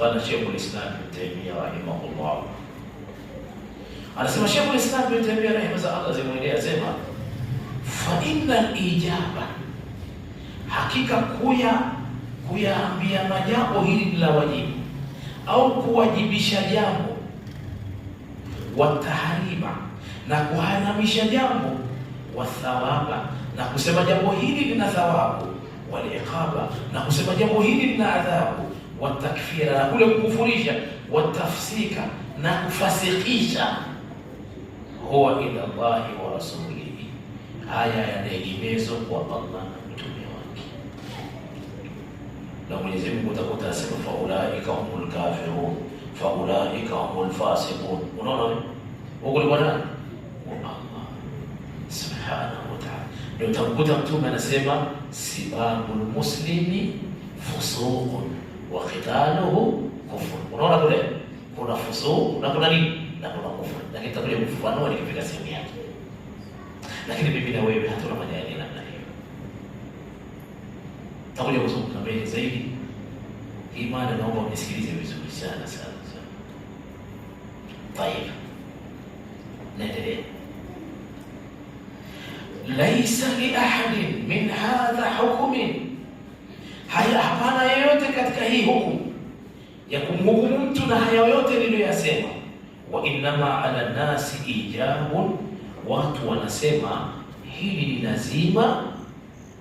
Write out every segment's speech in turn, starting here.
Sheikh Sheikhul Islam Ibn Taymiyyah rahimahullah, anasema Sheikhul Islam Ibn Taymiyyah rehema za Allah fa inna ijaba, hakika kuya kuyaambia majambo hili la wajibu au kuwajibisha jambo, wa watahariba na kuharamisha jambo, wa thawaba na kusema jambo hili lina thawabu, waliqaba na kusema jambo hili lina adhabu watakfira na kule kukufurisha, watafsika na kufasikisha, huwa ila Allahi wa rasulihi, haya yanaelegemezo kwa Allah na mtume wake. Na Mwenyezi Mungu utakuta asema faulaika humul kafirun faulaika humul fasiqun. Unaona huko ni Allah subhanahu wa ta'ala, ndio utamkuta mtume anasema sibabu muslimi fusuqun wakitaluhu kufur. Unaona kule kuna fusuq na kuna nini na kuna kufur, lakini tutakuja kufafanua nikifika sehemu yake. Lakini mimi na wewe hatuna majali namna hiyo, tutakuja kuzungumza mbele zaidi. Imani, naomba unisikilize vizuri sana sana sana. Tayeb, naendelea laisa li ahadin min hadha hukmin, haya hapana katika hii hukumu ya kumhukumu mtu na haya yote niliyoyasema, wa innama ala nasi ijabun, watu wanasema hili ni lazima,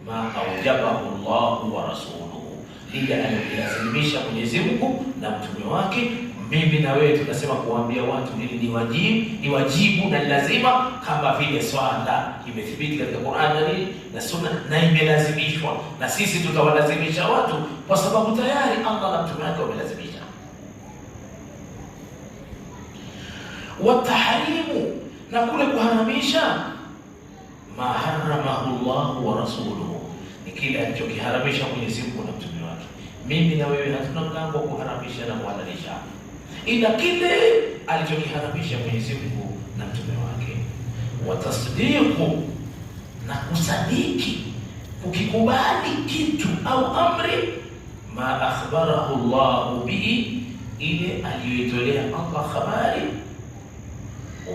ma aujabahu Allahu wa rasuluhu, lile alilolazimisha Mwenyezi Mungu na mtume wake mimi na wewe tunasema kuambia watu nini ni wajibu, ni wajibu na lazima, kama vile swala imethibiti katika Qur'an na Sunna na imelazimishwa, na sisi tutawalazimisha watu, kwa sababu tayari Allah na mtume wake wamelazimisha. watahrimu na kule kuharamisha, ma haramahu Allah wa rasuluhu, ni kile alichokiharamisha Mwenyezi Mungu na mtume wake. Mimi na wewe hatuna mlango wa kuharamisha na kuhalalisha ila kile alichokihadhabisha Mwenyezi Mungu na mtume wake. Watasdiqu, na kusadiki kukikubali kitu au amri, ma akhbarahu llahu bihi, ile aliyoitolea Allah habari,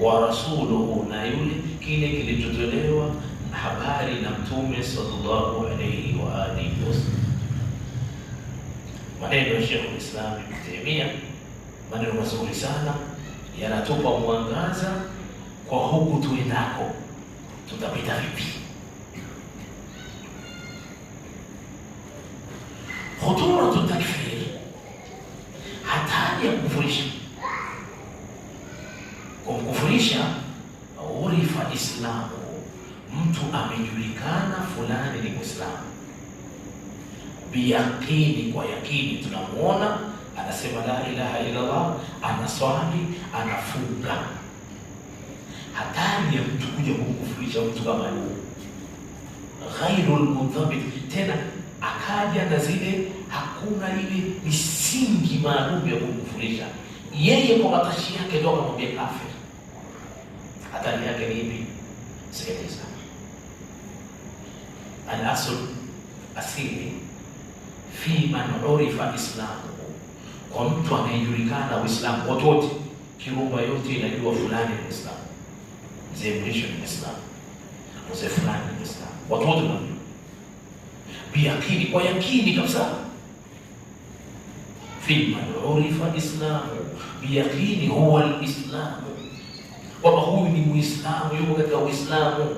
wa rasuluhu, na yule kile kilichotolewa habari na mtume sallallahu alayhi wa alihi wasallam. Maneno ya Sheikh Islam Ibn Taymiyyah maneno mazuri sana yanatupa mwangaza kwa huku tuendako, tutapita vipi? Khuturatu takfir, hatari ya kukufurisha. Kumkufurisha urifa islamu, mtu amejulikana fulani ni Muislamu biyakini, kwa yakini tunamuona anasema la ilaha illallah, anaswali, anafunga. Hatari ya mtu kuja kumkufurisha mtu kama huo, ghairul mudhabit, tena akaja na zile, hakuna ile misingi maalum ya kumkufurisha yeye, kwa matashi yake ndio akamwambia kafir. Hatari yake ni ipi? Sikiliza, alasul asili fi man urifa islamu kwa mtu anayejulikana Uislamu, watu wote, kirumba yote inajua fulani ni Muislamu, mzee Mrisho ni Muislamu, mzee fulani ni Muislamu, watu wote wanajua biyakini, kwa yakini kabisa fi man urifa islamu biyakini huwa lislamu, kwamba huyu ni Muislamu, yuko katika Uislamu.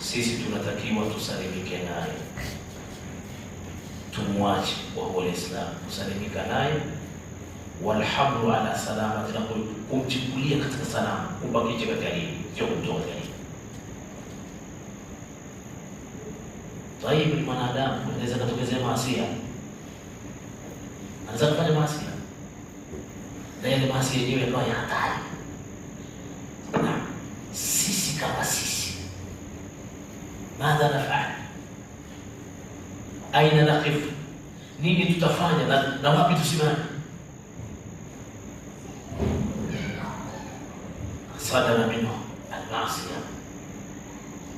sisi tunatakiwa tusalimike naye, tumwache wa huwa Uislamu kusalimika naye, walhamdu ala salama, tena kumchukulia katika salama, kumbakisha karibu, sio kumtoa karibu. Taibu ni mwanadamu, anaweza katokezea maasia, anaweza kufanya maasia na yale maasi yenyewe yakawa ya hatari ماذا نفعل أين نقف نيجي تتفاني نوابي تسمان صدنا منه المعصية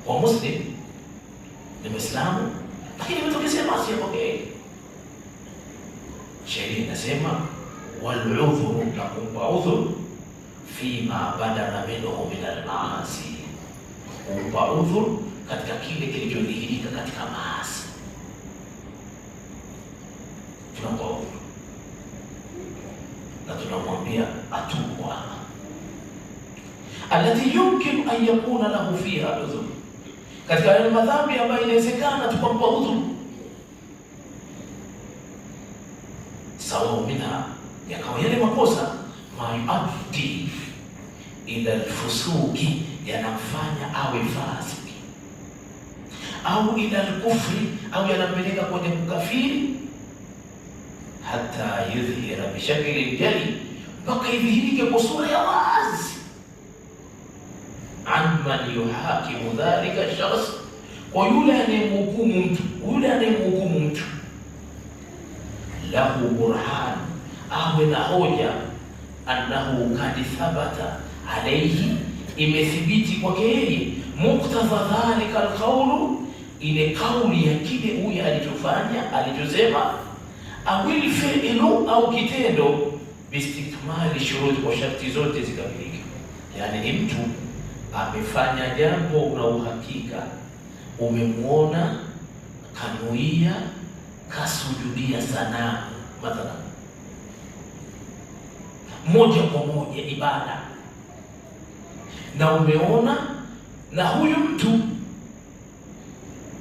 ومسلم لما الإسلام لكن يمتو كسي المعصية أوكي شيري نسيما والعذر لكم بعذر فيما بدنا منه من المعاصي وعذر katika kile kilichodhihirika katika maasi. Tunaomba na tunamwambia atubu Bwana, alati yumkinu an yakuna lahu fiha udhur, katika yale madhambi ambayo inawezekana tukampa udhur sawa minha, yakawa yale makosa mayuaddi ila lfusuki, yanamfanya awe fasi au ila lkufri au yanapeleka kwenye kukafiri, hata yudhhira bishakli jali mpaka idhihirike kwa sura ya wazi, amman yuhakimu dhalika shakhs, kwa yule anayemhukumu mtu, yule anayemhukumu mtu, lahu burhan, awe na hoja, annahu kad thabata alaihi, imethibiti kwake yeye muktadha dhalika alqaulu ile kauli ya kile huyu alichofanya alichosema, awili fi'lu au kitendo, bistikmali shuruti, kwa sharti zote zikamilika. Yani ni mtu amefanya jambo, una uhakika, umemwona kanuia, kasujudia sanamu mathalan, moja kwa moja ibada, na umeona na huyu mtu